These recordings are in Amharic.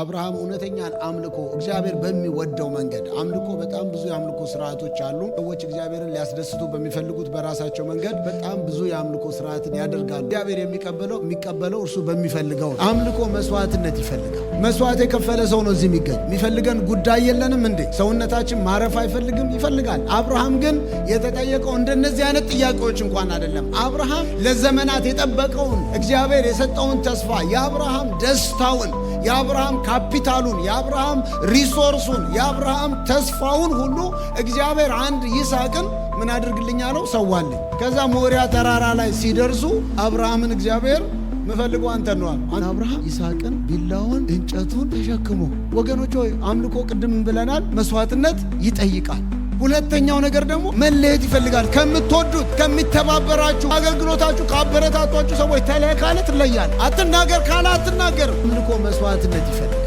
አብርሃም እውነተኛን አምልኮ እግዚአብሔር በሚወደው መንገድ አምልኮ በጣም ብዙ የአምልኮ ስርዓቶች አሉ። ሰዎች እግዚአብሔርን ሊያስደስቱ በሚፈልጉት በራሳቸው መንገድ በጣም ብዙ የአምልኮ ስርዓትን ያደርጋሉ። እግዚአብሔር የሚቀበለው የሚቀበለው እርሱ በሚፈልገው አምልኮ መስዋዕትነት ይፈልጋል። መስዋዕት የከፈለ ሰው ነው እዚህ የሚገኝ። የሚፈልገን ጉዳይ የለንም እንዴ? ሰውነታችን ማረፍ አይፈልግም? ይፈልጋል። አብርሃም ግን የተጠየቀው እንደነዚህ አይነት ጥያቄዎች እንኳን አይደለም። አብርሃም ለዘመናት የጠበቀውን እግዚአብሔር የሰጠውን ተስፋ የአብርሃም ደስታውን የአብርሃም ካፒታሉን፣ የአብርሃም ሪሶርሱን፣ የአብርሃም ተስፋውን ሁሉ እግዚአብሔር አንድ ይስሐቅን ምን አድርግልኛ ነው ሰዋልኝ። ከዛ ሞሪያ ተራራ ላይ ሲደርሱ አብርሃምን እግዚአብሔር ምፈልጉ አንተ ነዋል። አብርሃም ይስሐቅን ቢላውን እንጨቱን ተሸክሞ ወገኖች ሆይ አምልኮ ቅድም ብለናል መስዋዕትነት ይጠይቃል። ሁለተኛው ነገር ደግሞ መለየት ይፈልጋል። ከምትወዱት ከሚተባበራችሁ፣ አገልግሎታችሁ ካበረታቷችሁ ሰዎች ተለየ ካለ ትለያል። አትናገር ካለ አትናገር። ምልኮ መስዋዕትነት ይፈልጋል።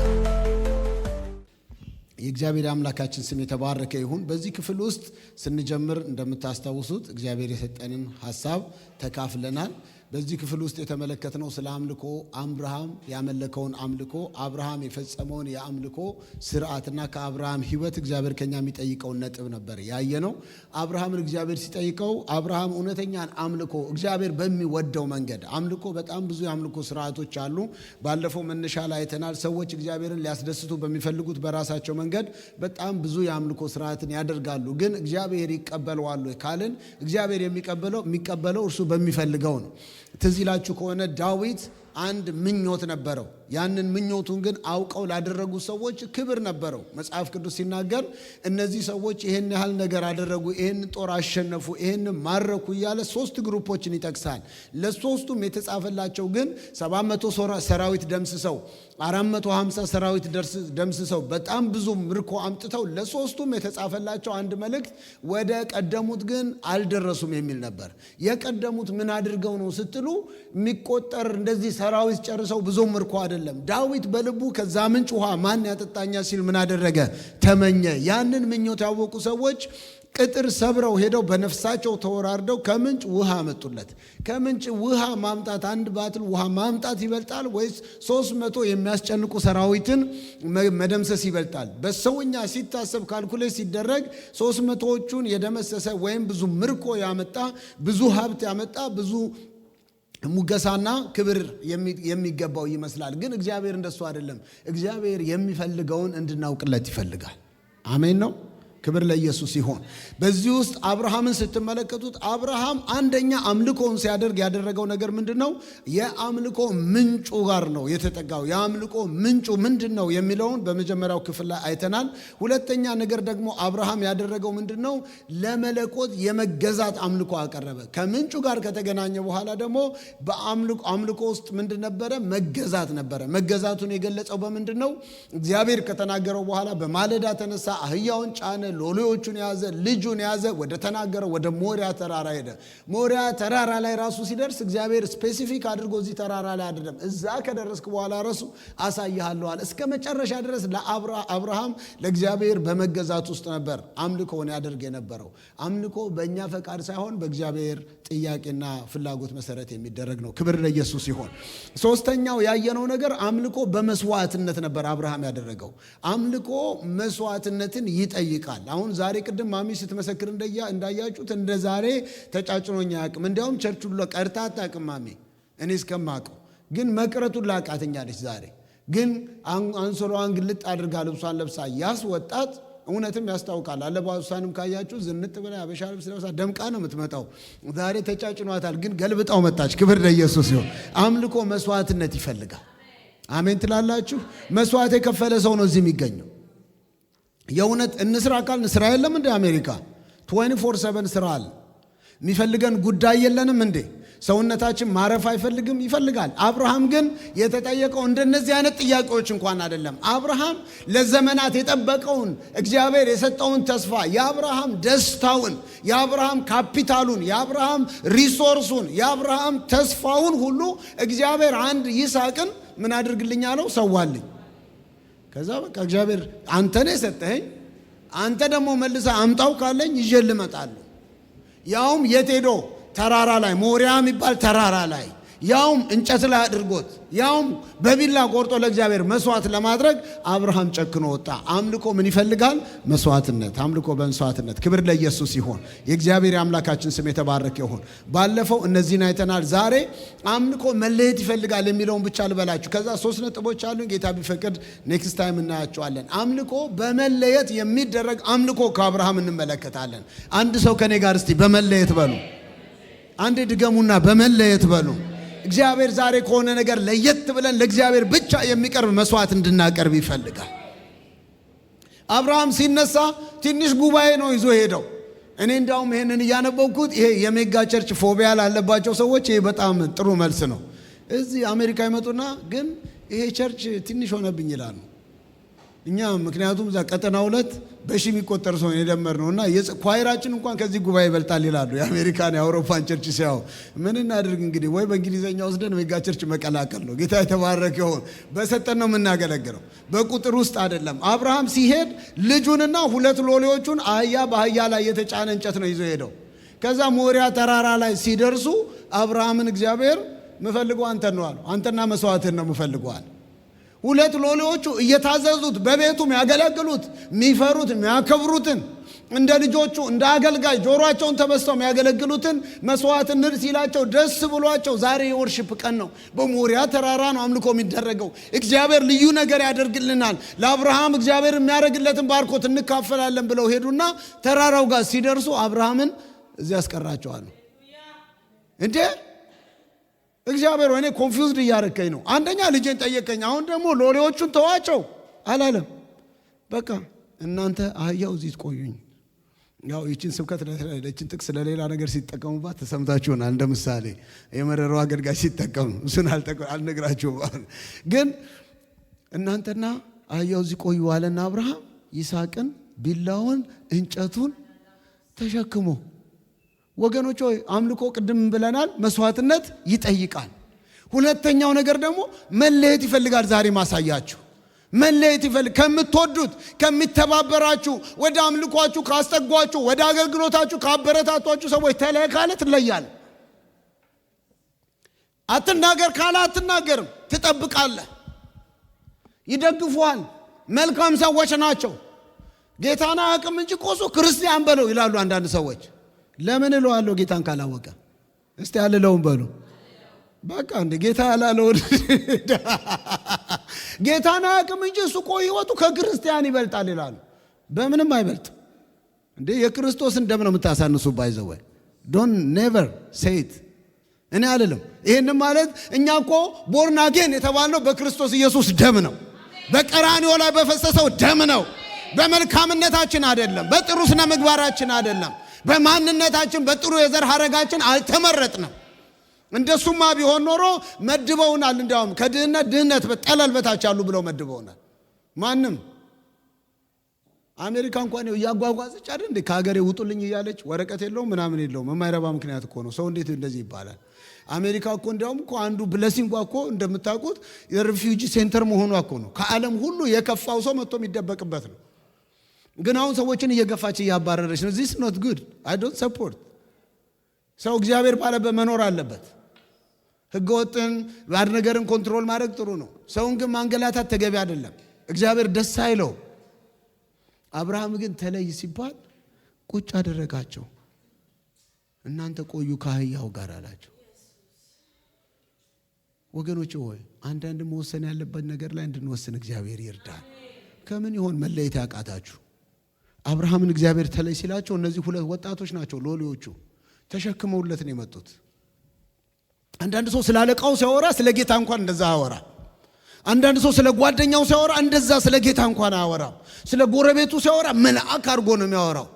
የእግዚአብሔር አምላካችን ስም የተባረከ ይሁን። በዚህ ክፍል ውስጥ ስንጀምር እንደምታስታውሱት እግዚአብሔር የሰጠንን ሀሳብ ተካፍለናል። በዚህ ክፍል ውስጥ የተመለከትነው ስለ አምልኮ አብርሃም ያመለከውን አምልኮ አብርሃም የፈጸመውን የአምልኮ ስርዓትና ከአብርሃም ሕይወት እግዚአብሔር ከኛ የሚጠይቀውን ነጥብ ነበር ያየነው። አብርሃምን እግዚአብሔር ሲጠይቀው አብርሃም እውነተኛን አምልኮ እግዚአብሔር በሚወደው መንገድ አምልኮ በጣም ብዙ የአምልኮ ስርዓቶች አሉ። ባለፈው መነሻ ላይ አይተናል። ሰዎች እግዚአብሔርን ሊያስደስቱ በሚፈልጉት በራሳቸው መንገድ በጣም ብዙ የአምልኮ ስርዓትን ያደርጋሉ። ግን እግዚአብሔር ይቀበለዋሉ ካልን እግዚአብሔር የሚቀበለው የሚቀበለው እርሱ በሚፈልገው ነው። ትዝ ይላችሁ ከሆነ ዳዊት አንድ ምኞት ነበረው። ያንን ምኞቱን ግን አውቀው ላደረጉ ሰዎች ክብር ነበረው። መጽሐፍ ቅዱስ ሲናገር እነዚህ ሰዎች ይህን ያህል ነገር አደረጉ፣ ይህን ጦር አሸነፉ፣ ይህን ማረኩ እያለ ሶስት ግሩፖችን ይጠቅሳል። ለሶስቱም የተጻፈላቸው ግን 700 ሰራዊት ደምስሰው 450 ሰራዊት ደምስሰው በጣም ብዙ ምርኮ አምጥተው ለሶስቱም የተጻፈላቸው አንድ መልእክት ወደ ቀደሙት ግን አልደረሱም የሚል ነበር። የቀደሙት ምን አድርገው ነው ስትሉ የሚቆጠር እንደዚህ ሰራዊት ጨርሰው ብዙ ምርኮ አይደለም። ዳዊት በልቡ ከዛ ምንጭ ውሃ ማን ያጠጣኛ ሲል ምን አደረገ? ተመኘ። ያንን ምኞት ያወቁ ሰዎች ቅጥር ሰብረው ሄደው በነፍሳቸው ተወራርደው ከምንጭ ውሃ መጡለት ከምንጭ ውሃ ማምጣት አንድ ባትል ውሃ ማምጣት ይበልጣል ወይስ ሶስት መቶ የሚያስጨንቁ ሰራዊትን መደምሰስ ይበልጣል? በሰውኛ ሲታሰብ ካልኩሌት ሲደረግ ሶስት መቶዎቹን የደመሰሰ ወይም ብዙ ምርኮ ያመጣ ብዙ ሀብት ያመጣ ብዙ ሙገሳና ክብር የሚገባው ይመስላል። ግን እግዚአብሔር እንደሱ አይደለም። እግዚአብሔር የሚፈልገውን እንድናውቅለት ይፈልጋል። አሜን ነው። ክብር ለኢየሱስ ይሆን። በዚህ ውስጥ አብርሃምን ስትመለከቱት አብርሃም አንደኛ አምልኮውን ሲያደርግ ያደረገው ነገር ምንድን ነው? የአምልኮ ምንጩ ጋር ነው የተጠጋው። የአምልኮ ምንጩ ምንድን ነው የሚለውን በመጀመሪያው ክፍል ላይ አይተናል። ሁለተኛ ነገር ደግሞ አብርሃም ያደረገው ምንድን ነው? ለመለኮት የመገዛት አምልኮ አቀረበ። ከምንጩ ጋር ከተገናኘ በኋላ ደግሞ በአምልኮ ውስጥ ምንድን ነበረ? መገዛት ነበረ። መገዛቱን የገለጸው በምንድን ነው? እግዚአብሔር ከተናገረው በኋላ በማለዳ ተነሳ፣ አህያውን ጫነ ሎሌዎቹን ያዘ፣ ልጁን ያዘ፣ ወደ ተናገረ ወደ ሞሪያ ተራራ ሄደ። ሞሪያ ተራራ ላይ ራሱ ሲደርስ እግዚአብሔር ስፔሲፊክ አድርጎ እዚህ ተራራ ላይ አደለም። እዛ ከደረስክ በኋላ ረሱ አሳይሃለዋል። እስከ መጨረሻ ድረስ ለአብርሃም ለእግዚአብሔር በመገዛት ውስጥ ነበር አምልኮን ያደርግ የነበረው። አምልኮ በእኛ ፈቃድ ሳይሆን በእግዚአብሔር ጥያቄና ፍላጎት መሰረት የሚደረግ ነው። ክብር ለኢየሱስ ይሆን። ሶስተኛው ያየነው ነገር አምልኮ በመስዋዕትነት ነበር አብርሃም ያደረገው። አምልኮ መስዋዕትነትን ይጠይቃል። አሁን ዛሬ ቅድም ማሚ ስትመሰክር እንዳያችሁት እንደ ዛሬ ተጫጭኖኛ አያውቅም። እንዲያውም ቸርች ሁሉ ቀርታ አታውቅም ማሚ እኔ እስከማውቀው። ግን መቅረቱን ላቃተኛለች ዛሬ ግን አንሶላዋን ግልጥ አድርጋ ልብሷን ለብሳ ያስ ወጣት እውነትም ያስታውቃል። አለባበሷንም ካያችሁ ዝንጥ ብላ አበሻ ልብስ ለብሳ ደምቃ ነው የምትመጣው። ዛሬ ተጫጭኗታል፣ ግን ገልብጣው መጣች። ክብር ለኢየሱስ ይሁን። አምልኮ መስዋዕትነት ይፈልጋል። አሜን ትላላችሁ። መስዋዕት የከፈለ ሰው ነው እዚህ የሚገኘው። የእውነት እንስራ ካልን ስራ የለም እንዴ? አሜሪካ 24/7 ስራ አለ። የሚፈልገን ጉዳይ የለንም እንዴ? ሰውነታችን ማረፍ አይፈልግም? ይፈልጋል። አብርሃም ግን የተጠየቀው እንደነዚህ አይነት ጥያቄዎች እንኳን አይደለም። አብርሃም ለዘመናት የጠበቀውን እግዚአብሔር የሰጠውን ተስፋ፣ የአብርሃም ደስታውን፣ የአብርሃም ካፒታሉን፣ የአብርሃም ሪሶርሱን፣ የአብርሃም ተስፋውን ሁሉ እግዚአብሔር አንድ ይስሐቅን ምን አድርግልኝ አለው? ሰዋልኝ ከዛ በቃ እግዚአብሔር አንተ ነህ የሰጠኸኝ፣ አንተ ደግሞ መልሰ አምጣው ካለኝ ይዤ ልመጣለሁ። ያውም የት ሄዶ ተራራ ላይ ሞሪያ የሚባል ተራራ ላይ ያውም እንጨት ላይ አድርጎት ያውም በቢላ ቆርጦ ለእግዚአብሔር መስዋዕት ለማድረግ አብርሃም ጨክኖ ወጣ። አምልኮ ምን ይፈልጋል? መስዋዕትነት። አምልኮ በመስዋዕትነት። ክብር ለኢየሱስ ይሆን። የእግዚአብሔር አምላካችን ስም የተባረክ ይሆን። ባለፈው እነዚህን አይተናል። ዛሬ አምልኮ መለየት ይፈልጋል የሚለውን ብቻ ልበላችሁ። ከዛ ሶስት ነጥቦች አሉ። ጌታ ቢፈቅድ ኔክስት ታይም እናያቸዋለን። አምልኮ በመለየት የሚደረግ አምልኮ ከአብርሃም እንመለከታለን። አንድ ሰው ከኔ ጋር እስቲ በመለየት በሉ። አንዴ ድገሙና በመለየት በሉ እግዚአብሔር ዛሬ ከሆነ ነገር ለየት ብለን ለእግዚአብሔር ብቻ የሚቀርብ መስዋዕት እንድናቀርብ ይፈልጋል። አብርሃም ሲነሳ ትንሽ ጉባኤ ነው ይዞ ሄደው። እኔ እንዳውም ይሄንን እያነበብኩት ይሄ የሜጋ ቸርች ፎቢያ ላለባቸው ሰዎች ይሄ በጣም ጥሩ መልስ ነው። እዚህ አሜሪካ ይመጡና ግን ይሄ ቸርች ትንሽ ሆነብኝ ይላሉ። እኛ ምክንያቱም እዛ ቀጠና ሁለት በሺ የሚቆጠር ሰው የደመር ነው እና ኳይራችን እንኳን ከዚህ ጉባኤ ይበልጣል ይላሉ የአሜሪካን የአውሮፓን ቸርች ሲያው። ምን እናድርግ እንግዲህ ወይ በእንግሊዝኛ ወስደን ሜጋ ቸርች መቀላቀል ነው። ጌታ የተባረክ ይሁን። በሰጠን ነው የምናገለግለው፣ በቁጥር ውስጥ አይደለም። አብርሃም ሲሄድ ልጁንና ሁለት ሎሌዎቹን አህያ በአህያ ላይ የተጫነ እንጨት ነው ይዞ ሄደው። ከዛ ሞሪያ ተራራ ላይ ሲደርሱ አብርሃምን እግዚአብሔር ምፈልገው አንተን ነው አሉ። አንተና መስዋዕትን ነው ምፈልገዋል ሁለት ሎሌዎቹ እየታዘዙት በቤቱ የሚያገለግሉት የሚፈሩት የሚያከብሩትን እንደ ልጆቹ እንደ አገልጋይ ጆሮቸውን ተበስተው የሚያገለግሉትን መስዋዕት እንድ ሲላቸው ደስ ብሏቸው፣ ዛሬ የወርሽፕ ቀን ነው። በሞሪያ ተራራ ነው አምልኮ የሚደረገው። እግዚአብሔር ልዩ ነገር ያደርግልናል፣ ለአብርሃም እግዚአብሔር የሚያደርግለትን ባርኮት እንካፈላለን ብለው ሄዱና ተራራው ጋር ሲደርሱ አብርሃምን እዚያ ያስቀራቸዋል እንዴ እግዚአብሔር ወይኔ ኮንፊውዝድ እያደረከኝ ነው። አንደኛ ልጄን ጠየቀኝ፣ አሁን ደግሞ ሎሌዎቹን ተዋቸው አላለም። በቃ እናንተ አህያው እዚህ ቆዩኝ። ያው ይችን ስብከት ለችን ጥቅስ ለሌላ ነገር ሲጠቀሙባት ተሰምታችሁናል። እንደ ምሳሌ የመረረው አገልጋይ ሲጠቀሙ እሱን አልነግራችሁም። ግን እናንተና አህያው እዚህ ቆዩ አለና አብርሃም ይስሐቅን ቢላውን እንጨቱን ተሸክሞ ወገኖች ሆይ አምልኮ ቅድም ብለናል፣ መስዋዕትነት ይጠይቃል። ሁለተኛው ነገር ደግሞ መለየት ይፈልጋል። ዛሬ ማሳያችሁ መለየት ይፈልግ ከምትወዱት ከሚተባበራችሁ፣ ወደ አምልኳችሁ ካስጠጓችሁ፣ ወደ አገልግሎታችሁ ካበረታቷችሁ ሰዎች ተለየ ካለ ትለያለ አትናገር ካለ አትናገርም፣ ትጠብቃለህ። ይደግፏል። መልካም ሰዎች ናቸው። ጌታና አቅም እንጂ ቆሶ ክርስቲያን በለው ይላሉ አንዳንድ ሰዎች። ለምን እለዋለሁ ጌታን ካላወቀ? እስቲ አልለውም በሉ። በቃ እንደ ጌታ ያላለውን ጌታን አያውቅም እንጂ እሱ እኮ ህይወቱ ከክርስቲያን ይበልጣል ይላሉ። በምንም አይበልጥ? እንዴ! የክርስቶስን ደም ነው የምታሳንሱ። ባይዘወይ ዶን ኔቨር ሴት እኔ አልልም። ይህንም ማለት እኛ እኮ ቦርናጌን የተባለው በክርስቶስ ኢየሱስ ደም ነው፣ በቀራንዮ ላይ በፈሰሰው ደም ነው። በመልካምነታችን አይደለም፣ በጥሩ ስነ ምግባራችን አይደለም። በማንነታችን በጥሩ የዘር ሀረጋችን አልተመረጥንም። እንደሱማ ቢሆን ኖሮ መድበውናል። እንዲያውም ከድህነት ድህነት ጠለል በታች አሉ ብለው መድበውናል። ማንም አሜሪካ እንኳን እያጓጓዘች አይደል እንዴ ከሀገሬ ውጡልኝ እያለች ወረቀት የለውም ምናምን የለውም። የማይረባ ምክንያት እኮ ነው። ሰው እንዴት እንደዚህ ይባላል? አሜሪካ እኮ እንዲያውም እኮ አንዱ ብለሲንጓ እኮ እንደምታውቁት የሪፊውጂ ሴንተር መሆኗ እኮ ነው። ከዓለም ሁሉ የከፋው ሰው መጥቶ የሚደበቅበት ነው። ግን አሁን ሰዎችን እየገፋች እያባረረች ነው። ዚስ ኖት ጉድ አይ ዶንት ሰፖርት። ሰው እግዚአብሔር ባለበት መኖር አለበት። ህገወጥን ባድ ነገርን ኮንትሮል ማድረግ ጥሩ ነው። ሰውን ግን ማንገላታት ተገቢ አይደለም። እግዚአብሔር ደስ አይለው። አብርሃም ግን ተለይ ሲባል ቁጭ አደረጋቸው። እናንተ ቆዩ ከአህያው ጋር አላቸው። ወገኖች ሆይ አንዳንድ መወሰን ያለበት ነገር ላይ እንድንወስን እግዚአብሔር ይርዳል። ከምን ይሆን መለየት ያቃታችሁ? አብርሃምን እግዚአብሔር ተለይ ሲላቸው እነዚህ ሁለት ወጣቶች ናቸው ሎሌዎቹ ተሸክመውለት ነው የመጡት። አንዳንድ ሰው ስለ አለቃው ሲያወራ ስለ ጌታ እንኳን እንደዛ አወራ። አንዳንድ ሰው ስለ ጓደኛው ሲያወራ እንደዛ ስለ ጌታ እንኳን አያወራም። ስለ ጎረቤቱ ሲያወራ መልአክ አድርጎ ነው የሚያወራው።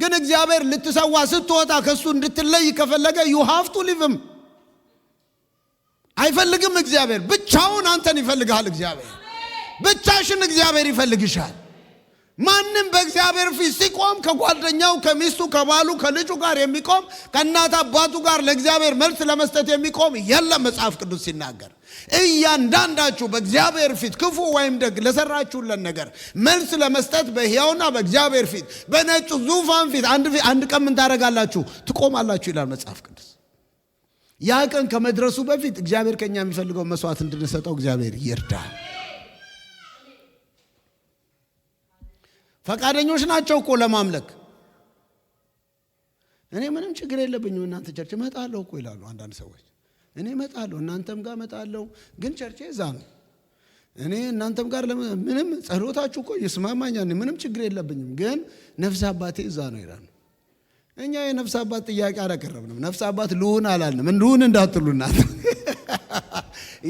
ግን እግዚአብሔር ልትሰዋ ስትወጣ ከእሱ እንድትለይ ከፈለገ ዩ ሃቭ ቱ ሊቭም አይፈልግም። እግዚአብሔር ብቻውን አንተን ይፈልግሃል። እግዚአብሔር ብቻሽን እግዚአብሔር ይፈልግሻል። ማንም በእግዚአብሔር ፊት ሲቆም ከጓደኛው፣ ከሚስቱ፣ ከባሉ፣ ከልጁ ጋር የሚቆም ከእናት አባቱ ጋር ለእግዚአብሔር መልስ ለመስጠት የሚቆም የለም። መጽሐፍ ቅዱስ ሲናገር እያንዳንዳችሁ በእግዚአብሔር ፊት ክፉ ወይም ደግ ለሰራችሁለን ነገር መልስ ለመስጠት በሕያውና በእግዚአብሔር ፊት በነጩ ዙፋን ፊት አንድ ቀን ምን ታደርጋላችሁ? ትቆማላችሁ ይላል መጽሐፍ ቅዱስ። ያ ቀን ከመድረሱ በፊት እግዚአብሔር ከኛ የሚፈልገው መስዋዕት እንድንሰጠው እግዚአብሔር ይርዳል። ፈቃደኞች ናቸው እኮ ለማምለክ። እኔ ምንም ችግር የለብኝም እናንተ ቸርች እመጣለሁ እኮ ይላሉ አንዳንድ ሰዎች። እኔ እመጣለሁ እናንተም ጋር እመጣለሁ፣ ግን ቸርቼ እዛ ነው። እኔ እናንተም ጋር ምንም ጸሎታችሁ እኮ ይስማማኛል፣ ምንም ችግር የለብኝም፣ ግን ነፍስ አባቴ እዛ ነው ይላሉ። እኛ የነፍስ አባት ጥያቄ አላቀረብንም። ነፍስ አባት ልሁን አላልንም። ልሁን እንዳትሉና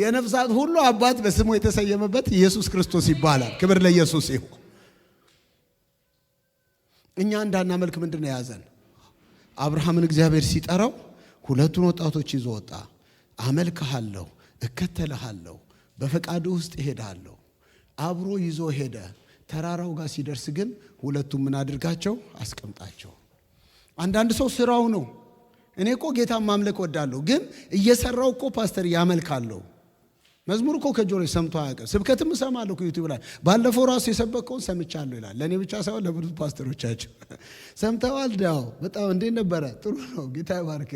የነፍሳት ሁሉ አባት በስሙ የተሰየመበት ኢየሱስ ክርስቶስ ይባላል። ክብር ለኢየሱስ ይሁን። እኛ እንዳናመልክ ምንድን ነው የያዘን? አብርሃምን እግዚአብሔር ሲጠራው ሁለቱን ወጣቶች ይዞ ወጣ። አመልክሃለሁ፣ እከተልሃለሁ፣ በፈቃዱ ውስጥ እሄዳለሁ። አብሮ ይዞ ሄደ። ተራራው ጋር ሲደርስ ግን ሁለቱም ምን አድርጋቸው? አስቀምጣቸው። አንዳንድ ሰው ስራው ነው። እኔ እኮ ጌታን ማምለክ ወዳለሁ፣ ግን እየሰራው እኮ ፓስተር ያመልካለሁ መዝሙር እኮ ከጆሮ ሰምቶ አያውቅም። ስብከትም እሰማለሁ ዩቲዩብ ላይ ባለፈው ራሱ የሰበከውን ሰምቻለሁ ይላል። ለእኔ ብቻ ሳይሆን ለብዙ ፓስተሮቻቸው ሰምተዋል። ዳው በጣም እንዴት ነበረ? ጥሩ ነው። ጌታ ባርክ።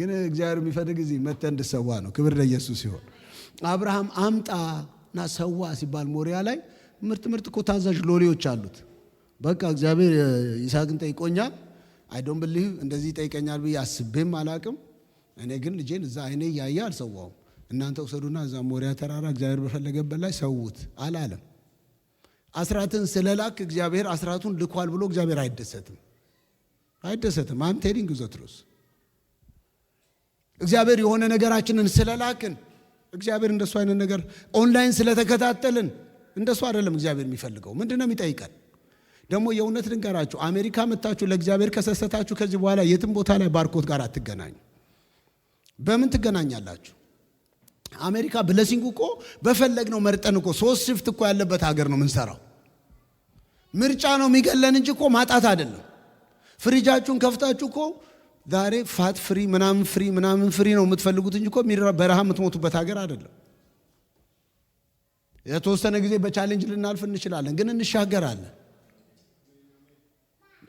ግን እግዚአብሔር የሚፈልግ እዚህ መተ እንድሰዋ ነው። ክብር ለኢየሱስ ሲሆን አብርሃም አምጣና ሰዋ ሲባል ሞሪያ ላይ ምርጥ ምርጥ እኮ ታዛዥ ሎሌዎች አሉት። በቃ እግዚአብሔር ይስሐቅን ጠይቆኛል። አይዶን ብልህ እንደዚህ ይጠይቀኛል ብዬ አስቤም አላቅም። እኔ ግን ልጄን እዛ አይኔ እያየ አልሰዋውም እናንተ ውሰዱና እዛ ሞሪያ ተራራ እግዚአብሔር በፈለገበት ላይ ሰውት አላለም። አስራትን ስለላክ እግዚአብሔር አስራቱን ልኳል ብሎ እግዚአብሔር አይደሰትም፣ አይደሰትም። አም ቴሊንግ ዘትሮስ እግዚአብሔር የሆነ ነገራችንን ስለላክን እግዚአብሔር እንደሱ አይነት ነገር ኦንላይን ስለተከታተልን እንደሱ አይደለም። እግዚአብሔር የሚፈልገው ምንድን ነው የሚጠይቀን? ደግሞ የእውነት ልንገራችሁ፣ አሜሪካ መታችሁ ለእግዚአብሔር ከሰሰታችሁ ከዚህ በኋላ የትም ቦታ ላይ ባርኮት ጋር አትገናኙ። በምን ትገናኛላችሁ? አሜሪካ ብለሲንግ እኮ በፈለግነው መርጠን እኮ ሶስት ሽፍት እኮ ያለበት ሀገር ነው የምንሰራው። ምርጫ ነው የሚገለን እንጂ እኮ ማጣት አይደለም። ፍሪጃችሁን ከፍታችሁ እኮ ዛሬ ፋት ፍሪ ምናምን ፍሪ ምናምን ፍሪ ነው የምትፈልጉት እንጂ እኮ በረሃ የምትሞቱበት ሀገር አይደለም። የተወሰነ ጊዜ በቻሌንጅ ልናልፍ እንችላለን፣ ግን እንሻገራለን።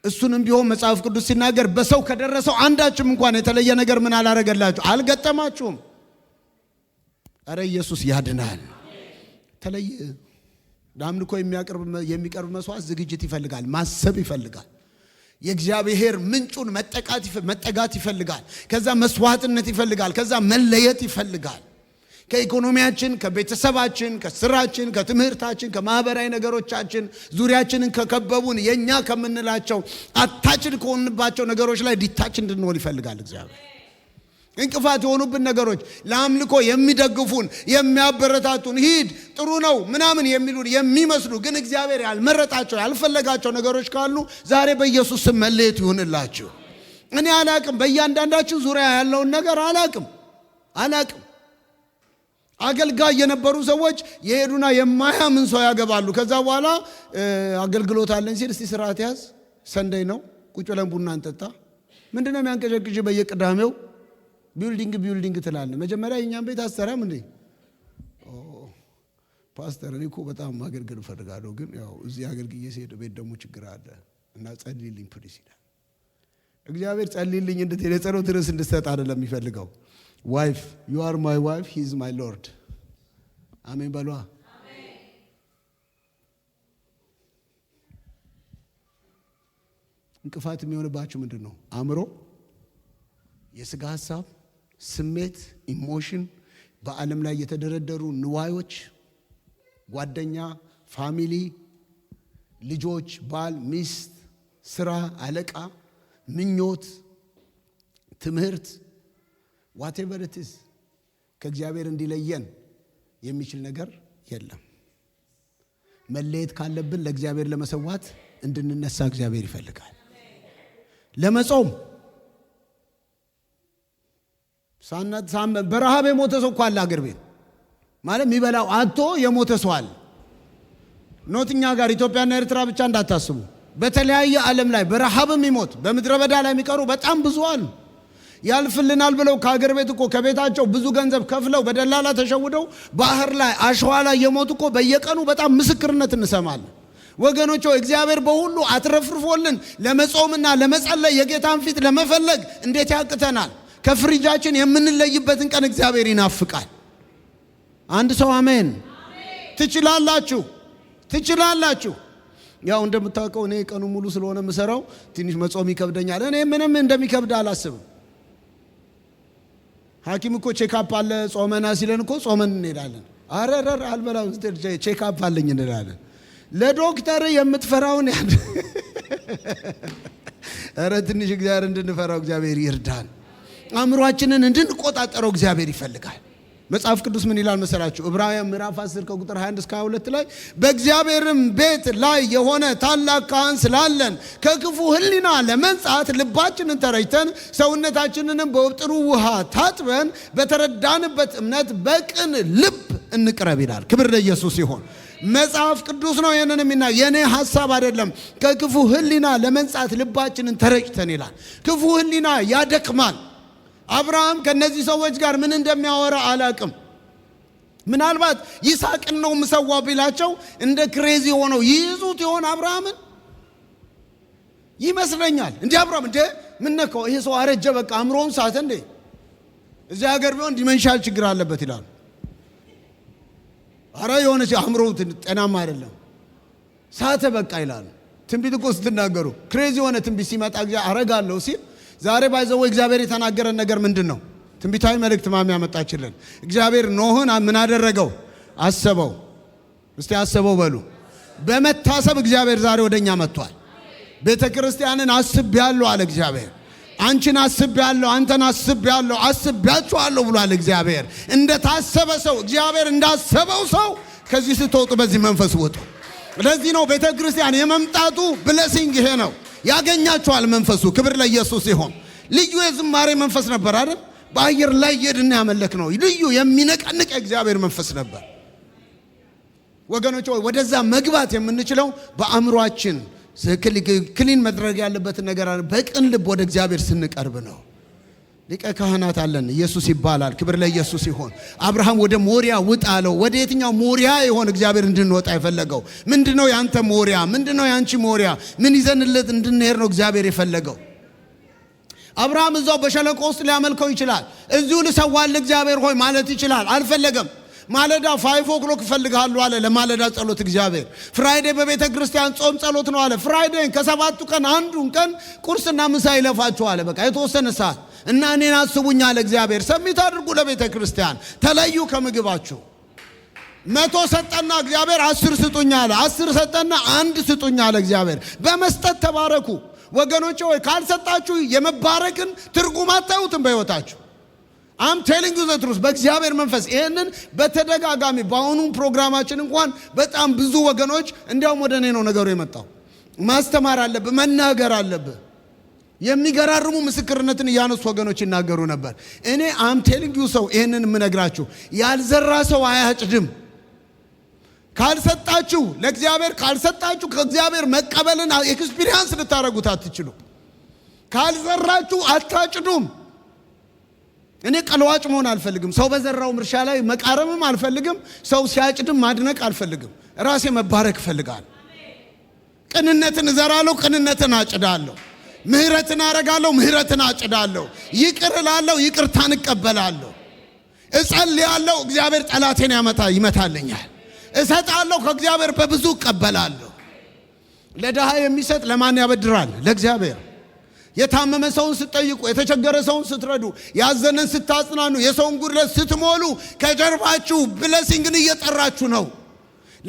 እሱንም ቢሆን መጽሐፍ ቅዱስ ሲናገር በሰው ከደረሰው አንዳችም እንኳን የተለየ ነገር ምን አላረገላችሁ አልገጠማችሁም። እረ ኢየሱስ ያድናል። ተለይ ለአምልኮ የሚቀርብ መስዋዕት ዝግጅት ይፈልጋል፣ ማሰብ ይፈልጋል፣ የእግዚአብሔር ምንጩን መጠጋት ይፈልጋል። ከዛ መስዋዕትነት ይፈልጋል፣ ከዛ መለየት ይፈልጋል። ከኢኮኖሚያችን፣ ከቤተሰባችን፣ ከስራችን፣ ከትምህርታችን፣ ከማህበራዊ ነገሮቻችን ዙሪያችንን ከከበቡን የእኛ ከምንላቸው አታችን ከሆንባቸው ነገሮች ላይ ዲታች እንድንሆን ይፈልጋል እግዚአብሔር እንቅፋት የሆኑብን ነገሮች ለአምልኮ የሚደግፉን የሚያበረታቱን ሂድ ጥሩ ነው ምናምን የሚሉን የሚመስሉ ግን እግዚአብሔር ያልመረጣቸው ያልፈለጋቸው ነገሮች ካሉ ዛሬ በኢየሱስ ስም መለየት ይሁንላችሁ። እኔ አላቅም፣ በእያንዳንዳችን ዙሪያ ያለውን ነገር አላቅም አላቅም። አገልጋይ የነበሩ ሰዎች የሄዱና የማያምን ሰው ያገባሉ። ከዛ በኋላ አገልግሎት አለን ሲል እስቲ ስርዓት ያዝ፣ ሰንደይ ነው፣ ቁጭ ብለን ቡና እንጠጣ፣ ምንድነው የሚያንቀጨቅጭ በየቅዳሜው ቢልዲንግ ቢልዲንግ ትላለ መጀመሪያ የእኛም ቤት አሰራም እንዴ? ፓስተር እኔ እኮ በጣም ማገልገል እፈልጋለሁ፣ ግን ያው እዚህ አገልግዬ ሲሄድ ቤት ደግሞ ችግር አለ እና ጸልይልኝ ፕሊስ ይላል። እግዚአብሔር ጸልይልኝ እንድትሄድ የጸሎት ርዕስ እንድሰጥ አይደለም የሚፈልገው። ዋይፍ ዩ አር ማይ ዋይፍ ሂዝ ማይ ሎርድ። አሜን በሏ። እንቅፋት የሚሆንባችሁ ምንድን ነው? አእምሮ፣ የስጋ ሀሳብ ስሜት፣ ኢሞሽን፣ በዓለም ላይ የተደረደሩ ንዋዮች፣ ጓደኛ፣ ፋሚሊ፣ ልጆች፣ ባል፣ ሚስት፣ ስራ፣ አለቃ፣ ምኞት፣ ትምህርት ዋቴቨር ከእግዚአብሔር እንዲለየን የሚችል ነገር የለም። መለየት ካለብን ለእግዚአብሔር ለመሰዋት እንድንነሳ እግዚአብሔር ይፈልጋል። ለመጾም በረሃብ የሞተ ሰው እኮ አለ አገር ቤት ማለት የሚበላው አቶ የሞተ ሰው አለ። ኖትኛ ጋር ኢትዮጵያና ኤርትራ ብቻ እንዳታስቡ። በተለያየ ዓለም ላይ በረሃብ የሚሞት በምድረ በዳ ላይ የሚቀሩ በጣም ብዙ አሉ። ያልፍልናል ብለው ከአገር ቤት እኮ ከቤታቸው ብዙ ገንዘብ ከፍለው በደላላ ተሸውደው ባህር ላይ አሸዋ ላይ የሞቱ እኮ በየቀኑ በጣም ምስክርነት እንሰማለን። ወገኖች እግዚአብሔር በሁሉ አትረፍርፎልን ለመጾምና ለመጸለይ የጌታን ፊት ለመፈለግ እንዴት ያቅተናል? ከፍሪጃችን የምንለይበትን ቀን እግዚአብሔር ይናፍቃል። አንድ ሰው አሜን። ትችላላችሁ፣ ትችላላችሁ። ያው እንደምታውቀው እኔ ቀኑ ሙሉ ስለሆነ የምሰራው ትንሽ መጾም ይከብደኛል። እኔ ምንም እንደሚከብድ አላስብም። ሐኪም እኮ ቼካፕ አለ ጾመና ሲለን እኮ ጾመን እንሄዳለን። አረረር አልበላም ቼክአፕ አለኝ እንላለን። ለዶክተር የምትፈራውን ያ ረ ትንሽ እግዚአብሔር እንድንፈራው እግዚአብሔር ይርዳል። አእምሯችንን እንድንቆጣጠረው እግዚአብሔር ይፈልጋል። መጽሐፍ ቅዱስ ምን ይላል መሰላችሁ? ዕብራውያን ምዕራፍ 10 ከቁጥር 21 እስከ 22 ላይ በእግዚአብሔርም ቤት ላይ የሆነ ታላቅ ካህን ስላለን ከክፉ ሕሊና ለመንጻት ልባችንን ተረጭተን ሰውነታችንንም በውጥሩ ውሃ ታጥበን በተረዳንበት እምነት በቅን ልብ እንቅረብ ይላል። ክብር ለኢየሱስ ይሆን። መጽሐፍ ቅዱስ ነው ይህንን የሚና የእኔ ሀሳብ አይደለም። ከክፉ ሕሊና ለመንጻት ልባችንን ተረጭተን ይላል። ክፉ ሕሊና ያደክማል። አብርሃም ከነዚህ ሰዎች ጋር ምን እንደሚያወራ አላቅም። ምናልባት ይስሐቅን ነው ምሰዋው ቢላቸው እንደ ክሬዚ ሆነው ይይዙት ይሆን አብርሃምን ይመስለኛል። እንዲህ አብርሃም እንደ ምነካው ይሄ ሰው አረጀ፣ በቃ አእምሮውን ሳተ እንዴ እዚህ ሀገር ቢሆን ዲመንሻል ችግር አለበት ይላሉ። አረ የሆነች አእምሮው ጤናማ አይደለም ሳተ በቃ ይላሉ። ትንቢት እኮ ስትናገሩ ክሬዚ የሆነ ትንቢት ሲመጣ ጊዜ አረጋለሁ ሲል ዛሬ ባይዘው እግዚአብሔር የተናገረን ነገር ምንድን ነው? ትንቢታዊ መልእክት ማሚ ያመጣችልን። እግዚአብሔር ኖህን ምን አደረገው? አሰበው። እስቲ አሰበው በሉ። በመታሰብ እግዚአብሔር ዛሬ ወደኛ መጥቷል። ቤተ ክርስቲያንን አስብ ያለው አለ እግዚአብሔር። አንቺን አስብ ያለው አንተን አስብ ያለው ብሏል እግዚአብሔር። እንደታሰበ ሰው እግዚአብሔር እንዳሰበው ሰው ከዚህ ስትወጡ በዚህ መንፈስ ወጡ። ለዚህ ነው ቤተ ክርስቲያን የመምጣቱ ብለሲንግ ይሄ ነው። ያገኛቸዋል መንፈሱ። ክብር ለኢየሱስ ይሆን። ልዩ የዝማሬ መንፈስ ነበር አይደል? በአየር ላይ የድና ያመለክ ነው። ልዩ የሚነቀንቅ የእግዚአብሔር መንፈስ ነበር። ወገኖች ወደዛ መግባት የምንችለው በአእምሯችን ክሊን መድረግ ያለበትን ነገር በቅን ልብ ወደ እግዚአብሔር ስንቀርብ ነው። ሊቀ ካህናት አለን። ኢየሱስ ይባላል። ክብር ለኢየሱስ ይሆን። አብርሃም ወደ ሞሪያ ውጣ አለው። ወደ የትኛው ሞሪያ ይሆን እግዚአብሔር እንድንወጣ የፈለገው? ምንድነው ያንተ ሞሪያ? ምንድነው ያንቺ ሞሪያ? ምን ይዘንለት እንድንሄድ ነው እግዚአብሔር የፈለገው? አብርሃም እዛው በሸለቆ ውስጥ ሊያመልከው ይችላል። እዚሁ ልሰዋል እግዚአብሔር ሆይ ማለት ይችላል። አልፈለገም። ማለዳ ፋይቭ ኦክሎክ እፈልግሃለሁ አለ። ለማለዳ ጸሎት እግዚአብሔር ፍራይዴ በቤተ ክርስቲያን ጾም ጸሎት ነው አለ። ፍራይዴን ከሰባቱ ቀን አንዱን ቀን ቁርስና ምሳ ይለፋችሁ አለ። በቃ የተወሰነ ሰዓት እና እኔን አስቡኝ አለ እግዚአብሔር። ሰሚት አድርጉ ለቤተ ክርስቲያን ተለዩ ከምግባችሁ መቶ ሰጠና እግዚአብሔር አስር ስጡኝ አለ። አስር ሰጠና አንድ ስጡኝ አለ እግዚአብሔር። በመስጠት ተባረኩ ወገኖቼ። ወይ ካልሰጣችሁ የመባረክን ትርጉም አታዩትም በሕይወታችሁ አም ቴሊንግ ዘ ትሩዝ በእግዚአብሔር መንፈስ ይህንን በተደጋጋሚ በአሁኑ ፕሮግራማችን እንኳን በጣም ብዙ ወገኖች እንዲያውም ወደ እኔ ነው ነገሩ የመጣው። ማስተማር አለብህ፣ መናገር አለብህ። የሚገራርሙ ምስክርነትን እያነሱ ወገኖች ይናገሩ ነበር። እኔ አም ቴሊንግ ዩ ሰው ይህንን የምነግራችሁ ያልዘራ ሰው አያጭድም። ካልሰጣችሁ ለእግዚአብሔር ካልሰጣችሁ ከእግዚአብሔር መቀበልን ኤክስፒሪያንስ ልታደርጉት አትችሉ። ካልዘራችሁ አታጭዱም። እኔ ቀለዋጭ መሆን አልፈልግም። ሰው በዘራው እርሻ ላይ መቃረምም አልፈልግም። ሰው ሲያጭድም ማድነቅ አልፈልግም። ራሴ መባረክ እፈልጋለሁ። ቅንነትን እዘራለሁ፣ ቅንነትን አጭዳለሁ። ምህረትን አረጋለሁ፣ ምህረትን አጭዳለሁ። ይቅር እላለሁ፣ ይቅርታን እቀበላለሁ። እጸልያለሁ፣ እግዚአብሔር ጠላቴን ያመታ ይመታልኛል። እሰጣለሁ፣ ከእግዚአብሔር በብዙ እቀበላለሁ። ለድሃ የሚሰጥ ለማን ያበድራል? ለእግዚአብሔር የታመመ ሰውን ስትጠይቁ፣ የተቸገረ ሰውን ስትረዱ፣ ያዘነን ስታጽናኑ፣ የሰውን ጉድለት ስትሞሉ ከጀርባችሁ ብለሲንግን እየጠራችሁ ነው።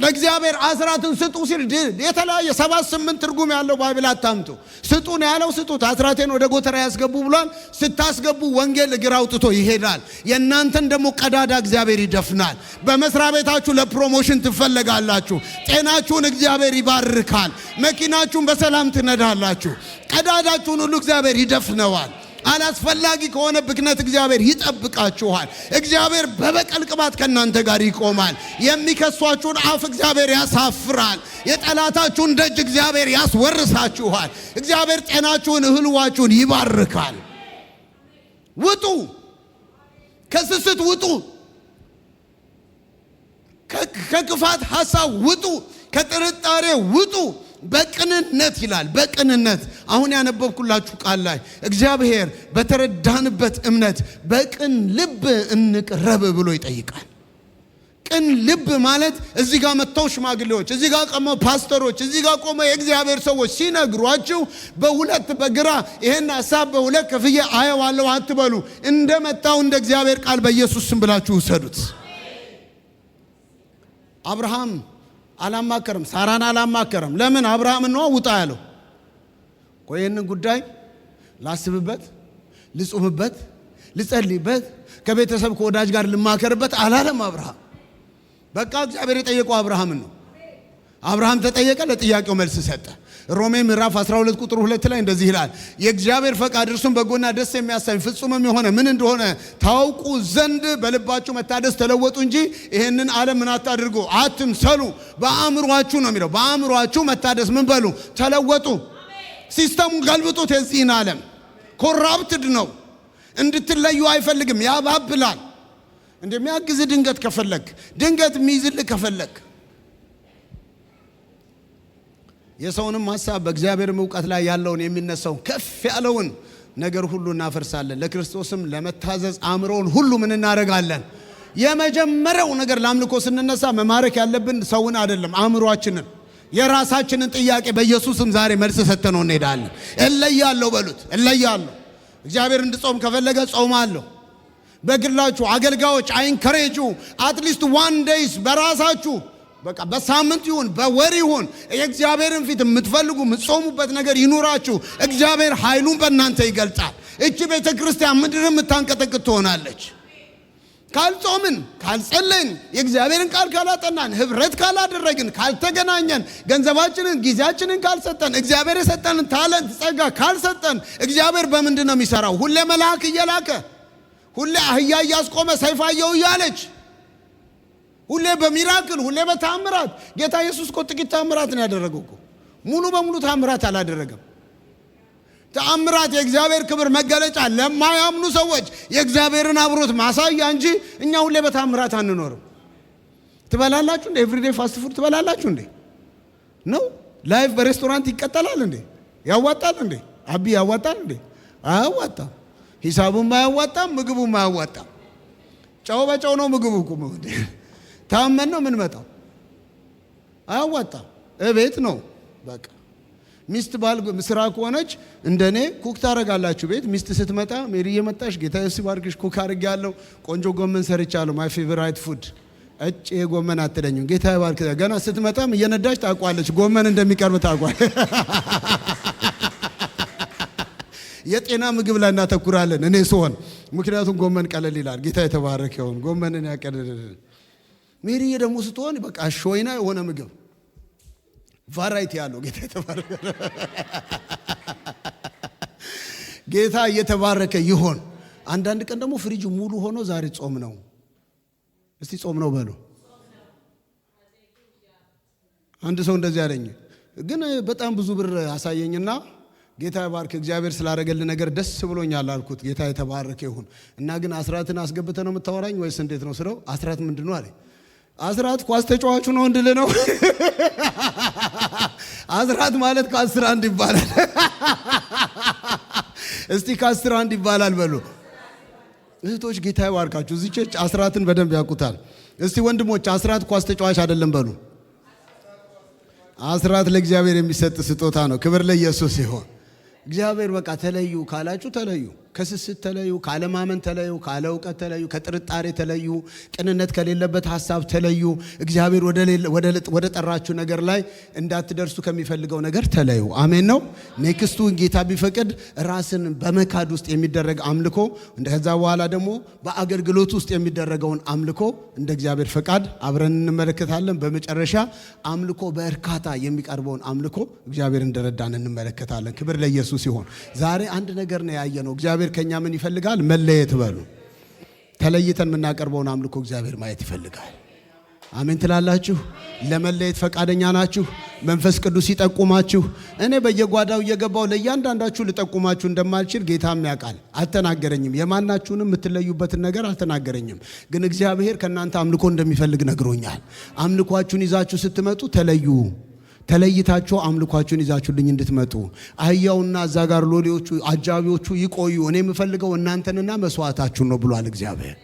ለእግዚአብሔር አስራትን ስጡ ሲል የተለያየ ሰባት ስምንት ትርጉም ያለው ባይብል አታምጡ። ስጡ ነው ያለው። ስጡት፣ አስራቴን ወደ ጎተራ ያስገቡ ብሏል። ስታስገቡ ወንጌል እግር አውጥቶ ይሄዳል። የእናንተን ደግሞ ቀዳዳ እግዚአብሔር ይደፍናል። በመስሪያ ቤታችሁ ለፕሮሞሽን ትፈለጋላችሁ። ጤናችሁን እግዚአብሔር ይባርካል። መኪናችሁን በሰላም ትነዳላችሁ። ቀዳዳችሁን ሁሉ እግዚአብሔር ይደፍነዋል። አላስፈላጊ ከሆነ ብክነት እግዚአብሔር ይጠብቃችኋል። እግዚአብሔር በበቀል ቅባት ከእናንተ ጋር ይቆማል። የሚከሷችሁን አፍ እግዚአብሔር ያሳፍራል። የጠላታችሁን ደጅ እግዚአብሔር ያስወርሳችኋል። እግዚአብሔር ጤናችሁን፣ እህልዋችሁን ይባርካል። ውጡ፣ ከስስት ውጡ፣ ከክፋት ሐሳብ ውጡ፣ ከጥርጣሬ ውጡ። በቅንነት ይላል። በቅንነት አሁን ያነበብኩላችሁ ቃል ላይ እግዚአብሔር በተረዳንበት እምነት በቅን ልብ እንቅረብ ብሎ ይጠይቃል። ቅን ልብ ማለት እዚህ ጋር መጥተው ሽማግሌዎች፣ እዚህ ጋር ቆመው ፓስተሮች፣ እዚህ ጋር ቆመው የእግዚአብሔር ሰዎች ሲነግሯችሁ በሁለት በግራ ይሄን ሀሳብ በሁለት ከፍዬ አየዋለሁ አትበሉ። እንደመጣው እንደ እግዚአብሔር ቃል በኢየሱስ ስም ብላችሁ ውሰዱት። አብርሃም አላማከረም ሳራን አላማከረም ለምን? አብርሃም ነው ውጣ ያለው። ቆይን ጉዳይ ላስብበት፣ ልጹምበት፣ ልጸልይበት፣ ከቤተሰብ ከወዳጅ ጋር ልማከርበት አላለም አብርሃም። በቃ እግዚአብሔር የጠየቀው አብርሃምን ነው። አብርሃም ተጠየቀ፣ ለጥያቄው መልስ ሰጠ። ሮሜ ምዕራፍ 12 ቁጥር 2 ላይ እንደዚህ ይላል፣ የእግዚአብሔር ፈቃድ እርሱም በጎና ደስ የሚያሰኝ ፍጹምም የሆነ ምን እንደሆነ ታውቁ ዘንድ በልባችሁ መታደስ ተለወጡ እንጂ ይህንን ዓለም ምን አታድርጉ፣ አትምሰሉ። በአእምሯችሁ ነው የሚለው። በአእምሯችሁ መታደስ ምን በሉ ተለወጡ። ሲስተሙን ገልብጡት። የዚህን ዓለም ኮራፕትድ ነው እንድትለዩ አይፈልግም። ያባብላል። እንደሚያግዝ ድንገት ከፈለግ ድንገት የሚይዝልህ ከፈለግ የሰውንም ሀሳብ በእግዚአብሔርም እውቀት ላይ ያለውን የሚነሳውን ከፍ ያለውን ነገር ሁሉ እናፈርሳለን። ለክርስቶስም ለመታዘዝ አእምሮውን ሁሉ ምን እናደርጋለን? የመጀመሪያው ነገር ለአምልኮ ስንነሳ መማረክ ያለብን ሰውን አይደለም፣ አእምሯችንን የራሳችንን ጥያቄ በኢየሱስም ዛሬ መልስ ሰጥተነው እንሄዳለን። እለያለሁ በሉት፣ እለያለሁ። እግዚአብሔር እንድጾም ከፈለገ ጾማለሁ። በግላችሁ አገልጋዮች አይንከሬጁ አትሊስት ዋን ዴይስ በራሳችሁ በቃ በሳምንት ይሁን በወር ይሁን የእግዚአብሔርን ፊት የምትፈልጉ የምትጾሙበት ነገር ይኑራችሁ። እግዚአብሔር ኃይሉን በእናንተ ይገልጻል። እቺ ቤተ ክርስቲያን ምድር የምታንቀጠቅጥ ትሆናለች። ካልጾምን፣ ካልጸለይን፣ የእግዚአብሔርን ቃል ካላጠናን፣ ህብረት ካላደረግን፣ ካልተገናኘን፣ ገንዘባችንን፣ ጊዜያችንን ካልሰጠን፣ እግዚአብሔር የሰጠንን ታለንት ጸጋ ካልሰጠን፣ እግዚአብሔር በምንድን ነው የሚሰራው? ሁሌ መልአክ እየላከ ሁሌ አህያ እያስቆመ ሰይፋየው እያለች ሁሌ በሚራክል ሁሌ በታምራት ጌታ ኢየሱስ እኮ ጥቂት ታምራት ነው ያደረገው እኮ ሙሉ በሙሉ ታምራት አላደረገም። ተአምራት የእግዚአብሔር ክብር መገለጫ ለማያምኑ ሰዎች የእግዚአብሔርን አብሮት ማሳያ እንጂ እኛ ሁሌ በታምራት አንኖርም። ትበላላችሁ እንዴ? ኤቭሪዴ ፋስት ፉድ ትበላላችሁ እንዴ? ነው ላይፍ በሬስቶራንት ይቀጠላል እንዴ? ያዋጣል እንዴ? አቢ ያዋጣል እንዴ? አያዋጣም። ሂሳቡም አያዋጣም፣ ምግቡም አያዋጣም። ጨው በጨው ነው ምግቡ ታመን ነው የምንመጣው። አያዋጣም። እቤት ነው በቃ። ሚስት ባል ስራ ከሆነች እንደኔ ኩክ ታረጋላችሁ ቤት። ሚስት ስትመጣ ሜሪ እየመጣሽ ጌታ ስ ባርክሽ ኩክ አድርግ ቆንጆ ጎመን ሰርቻለሁ፣ ማይ ፌቨራይት ፉድ እጭ ጎመን አትለኝም። ጌታ ይባርክ። ገና ስትመጣም እየነዳች ታውቋለች፣ ጎመን እንደሚቀርብ ታውቋል። የጤና ምግብ ላይ እናተኩራለን። እኔ ስሆን ምክንያቱም ጎመን ቀለል ይላል። ጌታ የተባረክ ይሁን። ጎመንን ያቀልልን ሜሪዬ ደግሞ ስትሆን በቃ ሾይና የሆነ ምግብ ቫራይቲ ያለው ጌታ የተባረከ ጌታ እየተባረከ ይሆን። አንዳንድ ቀን ደግሞ ፍሪጅ ሙሉ ሆኖ ዛሬ ጾም ነው። እስቲ ጾም ነው በሉ። አንድ ሰው እንደዚህ ያለኝ ግን በጣም ብዙ ብር አሳየኝና ጌታ ባርክ እግዚአብሔር ስላደረገልህ ነገር ደስ ብሎኛል አልኩት። ጌታ የተባረከ ይሁን እና ግን አስራትን አስገብተ ነው የምታወራኝ ወይስ እንዴት ነው ስለው አስራት ምንድን ነው አለኝ። አስራት ኳስ ተጫዋቹ ነው እንድል ነው። አስራት ማለት ከአስር አንድ ይባላል። እስቲ ከአስር አንድ ይባላል በሉ እህቶች። ጌታ ይባርካችሁ። እዚህ አስራትን በደንብ ያውቁታል። እስቲ ወንድሞች አስራት ኳስ ተጫዋች አይደለም በሉ። አስራት ለእግዚአብሔር የሚሰጥ ስጦታ ነው። ክብር ለኢየሱስ ይሆን። እግዚአብሔር በቃ ተለዩ ካላችሁ ተለዩ ከስስት ተለዩ፣ ካለማመን ተለዩ፣ ካለ እውቀት ተለዩ፣ ከጥርጣሬ ተለዩ፣ ቅንነት ከሌለበት ሀሳብ ተለዩ። እግዚአብሔር ወደ ጠራችሁ ነገር ላይ እንዳትደርሱ ከሚፈልገው ነገር ተለዩ። አሜን ነው። ኔክስቱ ጌታ ቢፈቅድ ራስን በመካድ ውስጥ የሚደረግ አምልኮ፣ ከዛ በኋላ ደግሞ በአገልግሎት ውስጥ የሚደረገውን አምልኮ እንደ እግዚአብሔር ፈቃድ አብረን እንመለከታለን። በመጨረሻ አምልኮ በእርካታ የሚቀርበውን አምልኮ እግዚአብሔር እንደረዳን እንመለከታለን። ክብር ለኢየሱስ ይሆን። ዛሬ አንድ ነገር ነው ያየ ነው እግዚአብሔር እግዚአብሔር ከኛ ምን ይፈልጋል? መለየት በሉ። ተለይተን የምናቀርበውን አምልኮ እግዚአብሔር ማየት ይፈልጋል። አሜን ትላላችሁ? ለመለየት ፈቃደኛ ናችሁ? መንፈስ ቅዱስ ይጠቁማችሁ። እኔ በየጓዳው እየገባው ለእያንዳንዳችሁ ልጠቁማችሁ እንደማልችል ጌታም ያውቃል። አልተናገረኝም። የማናችሁንም የምትለዩበትን ነገር አልተናገረኝም። ግን እግዚአብሔር ከእናንተ አምልኮ እንደሚፈልግ ነግሮኛል። አምልኳችሁን ይዛችሁ ስትመጡ ተለዩ ተለይታችሁ አምልኳችሁን ይዛችሁልኝ እንድትመጡ አህያውና እዛ ጋር ሎሌዎቹ አጃቢዎቹ ይቆዩ። እኔ የምፈልገው እናንተንና መስዋዕታችሁን ነው ብሏል እግዚአብሔር።